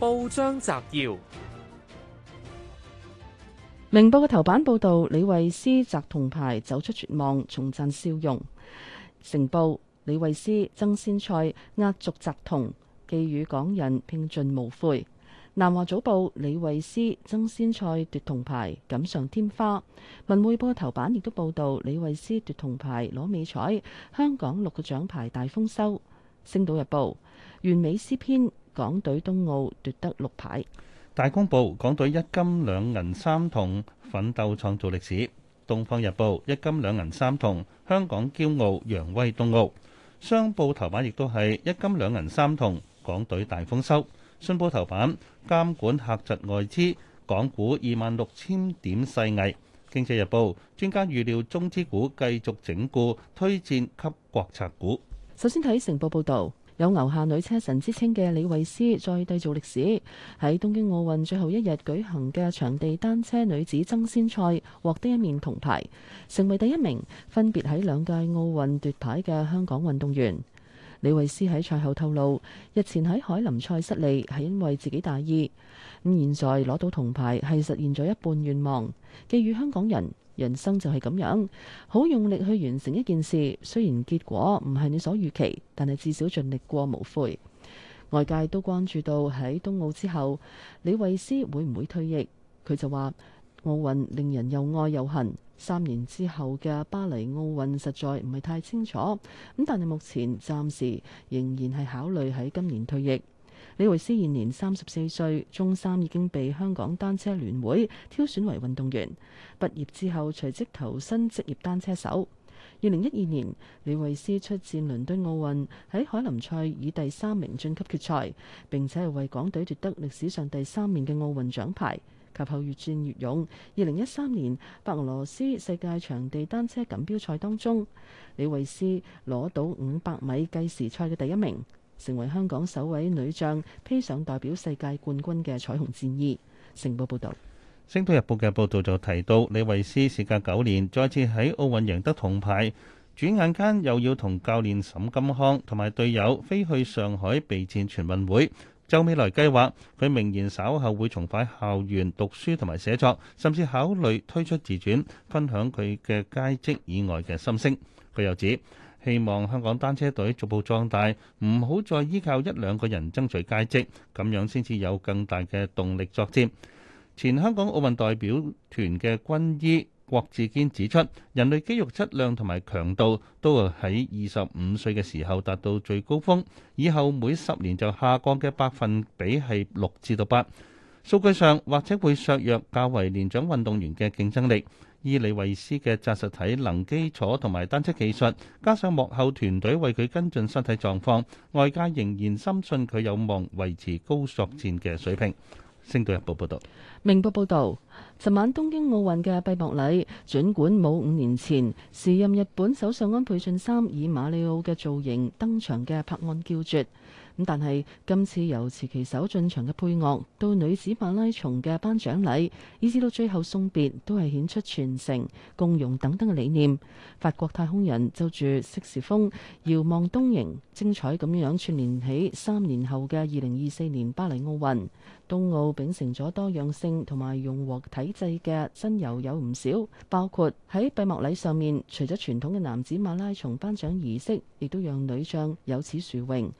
報章摘要：明報嘅頭版報道李慧詩摘銅牌，走出絕望，重振笑容。成報，李慧詩爭先賽壓軸摘銅，寄予港人拼盡無悔。南華早報，李慧詩爭先賽奪銅牌，錦上添花。文匯報嘅頭版亦都報道李慧詩奪銅牌攞美彩，香港六個獎牌大豐收。星島日報，完美詩篇。港隊東奧奪得六牌，大公報：港隊一金兩銀三銅，奮鬥創造歷史。東方日報：一金兩銀三銅，香港驕傲，揚威東奧。商報頭版亦都係一金兩銀三銅，港隊大豐收。信報頭版：監管客籍外資，港股二萬六千點勢危。經濟日報：專家預料中資股繼續整固，推薦給國策股。首先睇成報報道。有牛下女車神之稱嘅李慧詩再締造歷史，喺東京奧運最後一日舉行嘅場地單車女子爭先賽，獲得一面銅牌，成為第一名分別喺兩屆奧運奪牌嘅香港運動員。李慧詩喺賽後透露，日前喺凱林賽失利，係因為自己大意，咁現在攞到銅牌係實現咗一半願望。寄語香港人：人生就係咁樣，好用力去完成一件事，雖然結果唔係你所預期，但係至少盡力過無悔。外界都關注到喺東奧之後，李慧詩會唔會退役？佢就話：奧運令人又愛又恨。三年之後嘅巴黎奧運實在唔係太清楚，咁但係目前暫時仍然係考慮喺今年退役。李維斯現年三十四歲，中三已經被香港單車聯會挑選為運動員，畢業之後隨即投身職業單車手。二零一二年，李維斯出戰倫敦奧運，喺凱林賽以第三名晉級決賽，並且係為港隊奪得歷史上第三面嘅奧運獎牌。及後越戰越勇，二零一三年白俄羅斯世界場地單車錦標賽當中，李慧詩攞到五百米計時賽嘅第一名，成為香港首位女將披上代表世界冠軍嘅彩虹戰衣。成報報道，《星島日報》嘅報道就提到，李慧詩事隔九年再次喺奧運贏得銅牌，轉眼間又要同教練沈金康同埋隊友飛去上海備戰全運會。就未來計劃，佢明年稍後會重返校園讀書同埋寫作，甚至考慮推出自傳，分享佢嘅佳績以外嘅心聲。佢又指希望香港單車隊逐步壯大，唔好再依靠一兩個人爭取佳績，咁樣先至有更大嘅動力作戰。前香港奧運代表團嘅軍醫。郭志堅指出，人類肌肉質量同埋強度都係喺二十五歲嘅時候達到最高峰，以後每十年就下降嘅百分比係六至到八。數據上或者會削弱較為年長運動員嘅競爭力。伊利維斯嘅紮實體能基礎同埋單車技術，加上幕後團隊為佢跟進身體狀況，外界仍然深信佢有望維持高速戰嘅水平。星島日報報道，明報報道，昨晚東京奧運嘅閉幕禮，儘管冇五年前，時任日本首相安倍晉三以馬里奧嘅造型登場嘅拍案叫絕。咁，但係今次由持旗手進場嘅配樂，到女子馬拉松嘅頒獎禮，以至到最後送別，都係顯出全城共融等等嘅理念。法國太空人就住色士風，遙望東營，精彩咁樣串連起三年後嘅二零二四年巴黎奧運。東奧秉承咗多樣性同埋融合體制嘅新猷有唔少，包括喺閉幕禮上面，除咗傳統嘅男子馬拉松頒獎儀式，亦都讓女將有此殊榮。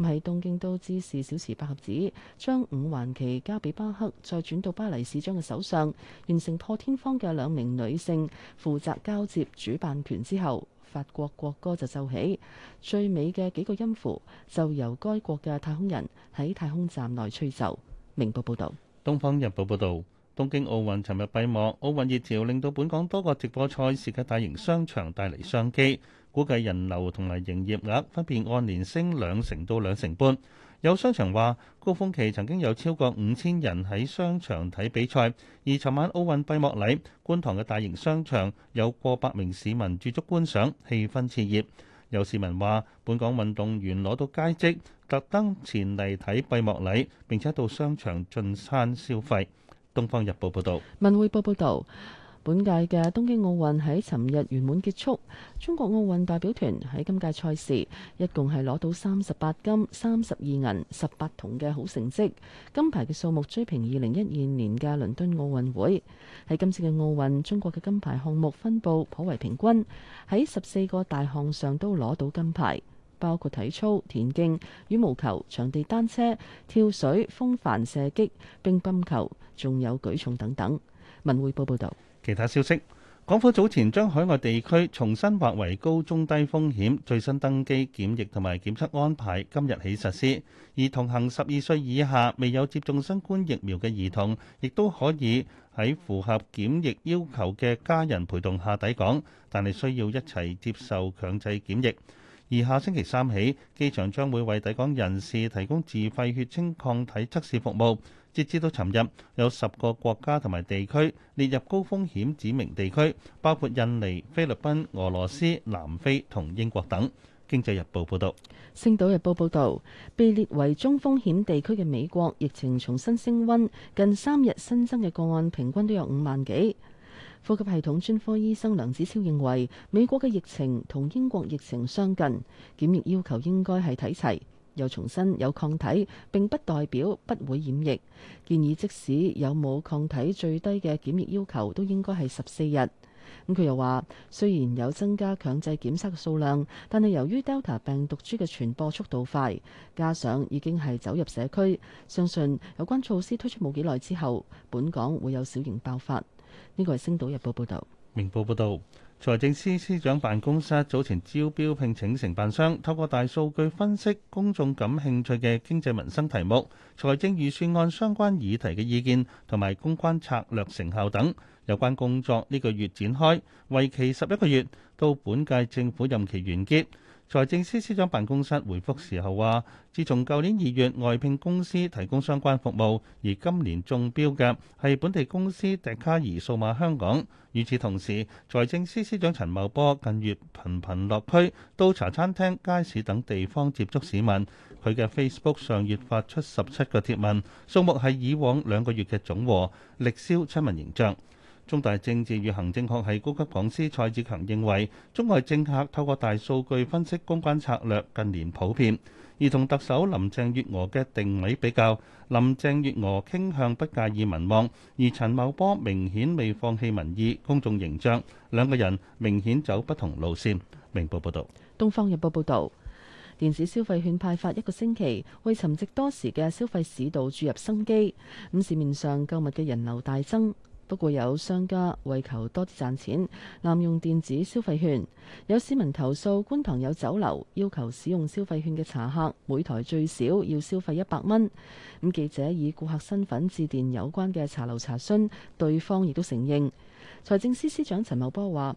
唔係東京都知事小池百合子將五環旗交俾巴克，再轉到巴黎市長嘅手上，完成破天荒嘅兩名女性負責交接主辦權之後，法國國歌就奏起，最美嘅幾個音符就由該國嘅太空人喺太空站內吹奏。明報報道。東方日報報道，東京奧運尋日閉幕，奧運熱潮令到本港多個直播賽事嘅大型商場帶嚟商機。估計人流同埋營業額分別按年升兩成到兩成半。有商場話，高峰期曾經有超過五千人喺商場睇比賽，而昨晚奧運閉幕禮，觀塘嘅大型商場有過百名市民駐足觀賞，氣氛熾熱。有市民話，本港運動員攞到佳績，特登前嚟睇閉幕禮，並且到商場進餐消費。《東方日報》報道。《文匯報》報導。本屆嘅東京奧運喺尋日圓滿結束。中國奧運代表團喺今屆賽事一共係攞到三十八金、三十二銀、十八銅嘅好成績，金牌嘅數目追平二零一二年嘅倫敦奧運會。喺今次嘅奧運，中國嘅金牌項目分佈頗為平均，喺十四個大項上都攞到金牌，包括體操、田徑、羽毛球、場地單車、跳水、風帆、射擊、乒乓球，仲有舉重等等。文匯報報導。其他消息，港府早前將海外地區重新劃為高、中、低風險，最新登機檢疫同埋檢測安排今日起實施。而同行十二歲以下未有接種新冠疫苗嘅兒童，亦都可以喺符合檢疫要求嘅家人陪同下抵港，但係需要一齊接受強制檢疫。而下星期三起，機場將會為抵港人士提供自費血清抗體測試服務。截至到尋日，有十個國家同埋地區列入高風險指明地區，包括印尼、菲律賓、俄羅斯、南非同英國等。經濟日報報道。星島日報報道，被列為中風險地區嘅美國疫情重新升温，近三日新增嘅個案平均都有五萬幾。呼吸系統專科醫生梁子超認為，美國嘅疫情同英國疫情相近，檢疫要求應該係睇齊。又重申有抗體並不代表不會染疫，建議即使有冇抗體，最低嘅檢疫要求都應該係十四日。咁佢又話，雖然有增加強制檢測嘅數量，但係由於 Delta 病毒株嘅傳播速度快，加上已經係走入社區，相信有關措施推出冇幾耐之後，本港會有小型爆發，呢個係星島日報報道。明報報導。財政司司長辦公室早前招標聘請承辦商，透過大數據分析公眾感興趣嘅經濟民生題目、財政預算案相關議題嘅意見同埋公關策略成效等有關工作，呢個月展開，為期十一個月，到本屆政府任期完結。財政司司長辦公室回覆時候話，自從舊年二月外聘公司提供相關服務，而今年中標嘅係本地公司迪卡爾數碼香港。與此同時，財政司司長陳茂波近月頻頻落區，到茶餐廳、街市等地方接觸市民。佢嘅 Facebook 上月發出十七個貼文，數目係以往兩個月嘅總和，力銷親民形象。中大政治與行政學系高級講師蔡志強認為，中外政客透過大數據分析公關策略近年普遍。而同特首林鄭月娥嘅定位比較，林鄭月娥傾向不介意民望，而陳茂波明顯未放棄民意、公眾形象，兩個人明顯走不同路線。明報報導，東方日報報導，電子消費券派發一個星期，為沉寂多時嘅消費市道注入生機。咁市面上購物嘅人流大增。不過有商家為求多啲賺錢，濫用電子消費券。有市民投訴，觀塘有酒樓要求使用消費券嘅茶客，每枱最少要消費一百蚊。咁、嗯、記者以顧客身份致電有關嘅茶樓查詢，對方亦都承認。財政司司長陳茂波話：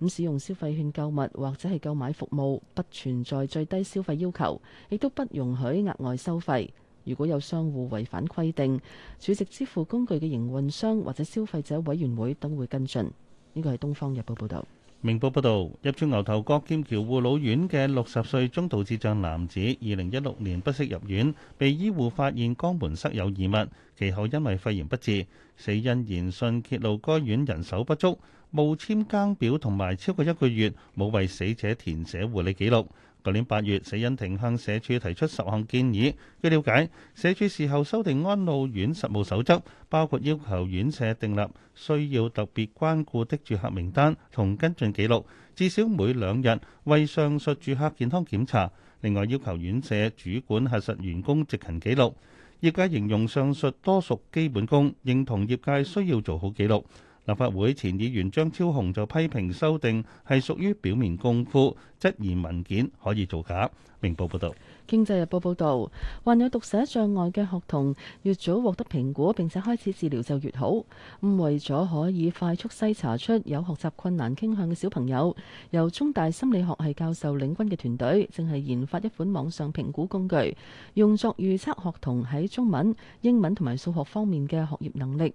咁、嗯、使用消費券購物或者係購買服務，不存在最低消費要求，亦都不容許額外收費。如果有商戶違反規定，儲值支付工具嘅營運商或者消費者委員會等會跟進。呢個係《東方日報》報道。明報報道，入住牛頭角劍橋護老院嘅六十歲中度智障男子，二零一六年不適入院，被醫護發現肛門塞有異物，其後因為肺炎不治，死因研訊揭露該院人手不足，無簽更表同埋超過一個月冇為死者填寫護理記錄。去年八月，死因庭向社署提出十項建議，據了解，社署事後修訂安老院實務守則，包括要求院舍訂立需要特別關顧的住客名單同跟進記錄，至少每兩日為上述住客健康檢查。另外，要求院舍主管核實員工值勤記錄，業界形容上述多屬基本功，認同業界需要做好記錄。立法會前議員張超雄就批評修訂係屬於表面功夫。質疑文件可以造假。明報報道，《經濟日報》報道，患有讀寫障礙嘅學童越早獲得評估，並且開始治療就越好。咁為咗可以快速篩查出有學習困難傾向嘅小朋友，由中大心理學系教授領軍嘅團隊正係研發一款網上評估工具，用作預測學童喺中文、英文同埋數學方面嘅學業能力。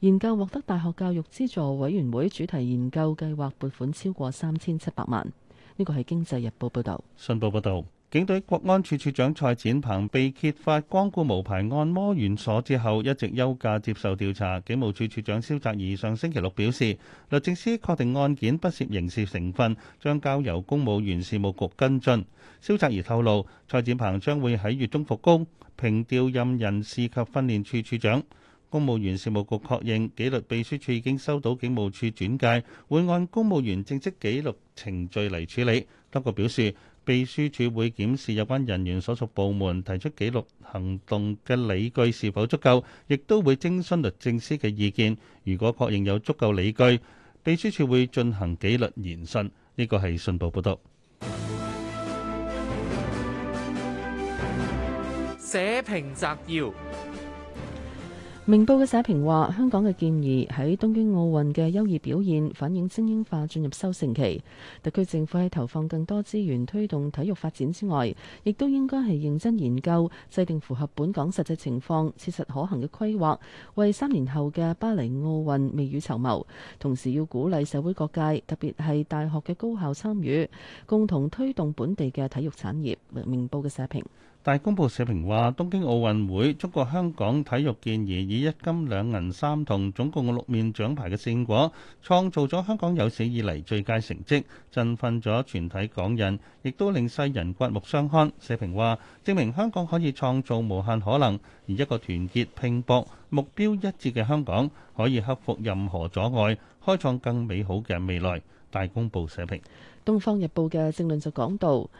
研究獲得大學教育資助委員會主題研究計劃撥款超過三千七百萬。呢個係《經濟日報》報導，《信報》報導，警隊國安處處長蔡展鵬被揭發光顧無牌按摩院所之後，一直休假接受調查。警務處處長蕭澤頤上星期六表示，律政司確定案件不涉刑事成分，將交由公務員事務局跟進。蕭澤頤透露，蔡展鵬將會喺月中復工，平調任人事及訓練處處長。公務員事務局確認紀律秘書處已經收到警務處轉介，會按公務員正職紀律程序嚟處理。當局表示，秘書處會檢視有關人員所屬部門提出紀律行動嘅理據是否足夠，亦都會徵詢律政司嘅意見。如果確認有足夠理據，秘書處會進行紀律研訊。呢個係信報報道。社評摘要。明報嘅社評話：香港嘅建議喺東京奧運嘅優異表現，反映精英化進入收成期。特區政府喺投放更多資源推動體育發展之外，亦都應該係認真研究，制定符合本港實際情況、切實可行嘅規劃，為三年後嘅巴黎奧運未雨綢繆。同時要鼓勵社會各界，特別係大學嘅高校參與，共同推動本地嘅體育產業。明報嘅社評。大公報社評話：東京奧運會，中國香港體育健兒以一金兩銀三銅，總共六面獎牌嘅勝果，創造咗香港有史以嚟最佳成績，振奮咗全體港人，亦都令世人刮目相看。社評話，證明香港可以創造無限可能，而一個團結拼搏、目標一致嘅香港，可以克服任何阻礙，開創更美好嘅未來。大公報社評，《東方日報》嘅正論就講到。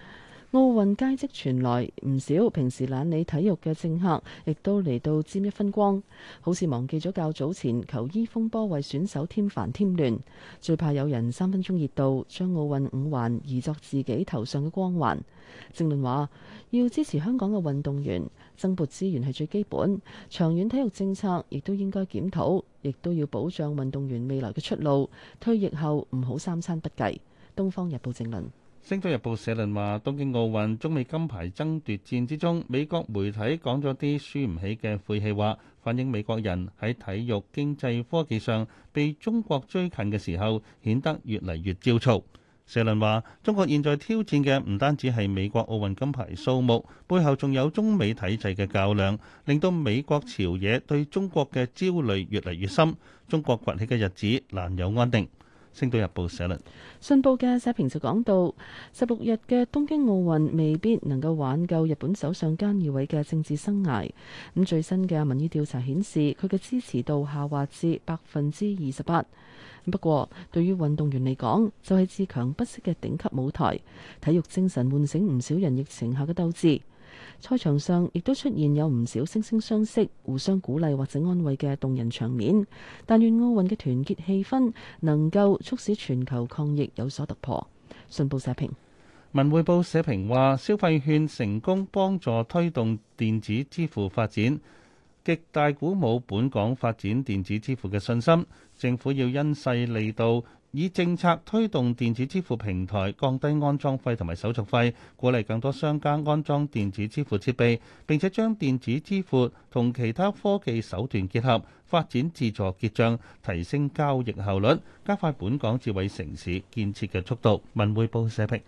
奧運佳績傳來，唔少平時懶理體育嘅政客，亦都嚟到沾一分光。好似忘記咗較早前球衣風波為選手添煩添亂，最怕有人三分鐘熱度，將奧運五環移作自己頭上嘅光環。正論話，要支持香港嘅運動員，增撥資源係最基本，長遠體育政策亦都應該檢討，亦都要保障運動員未來嘅出路，退役後唔好三餐不繼。東方日報正論。《星島日報》社論話：東京奧運中美金牌爭奪戰之中，美國媒體講咗啲輸唔起嘅晦氣話，反映美國人喺體育、經濟、科技上被中國追近嘅時候，顯得越嚟越焦躁。社論話：中國現在挑戰嘅唔單止係美國奧運金牌數目，背後仲有中美體制嘅較量，令到美國朝野對中國嘅焦慮越嚟越深，中國崛起嘅日子難有安定。《星島日報》社論，信報嘅社評就講到，十六日嘅東京奧運未必能夠挽救日本首相菅義偉嘅政治生涯。咁最新嘅民意調查顯示，佢嘅支持度下滑至百分之二十八。不過，對於運動員嚟講，就係、是、自強不息嘅頂級舞台，體育精神喚醒唔少人疫情下嘅鬥志。賽場上亦都出現有唔少惺惺相惜、互相鼓勵或者安慰嘅動人場面，但願奧運嘅團結氣氛能夠促使全球抗疫有所突破。信報社評，文匯報社評話：消費券成功幫助推動電子支付發展，極大鼓舞本港發展電子支付嘅信心。政府要因勢利導。以政策推動電子支付平台降低安裝費同埋手續費，鼓勵更多商家安裝電子支付設備，並且將電子支付同其他科技手段結合，發展自助結帳，提升交易效率，加快本港智慧城市建設嘅速度。文匯報社評。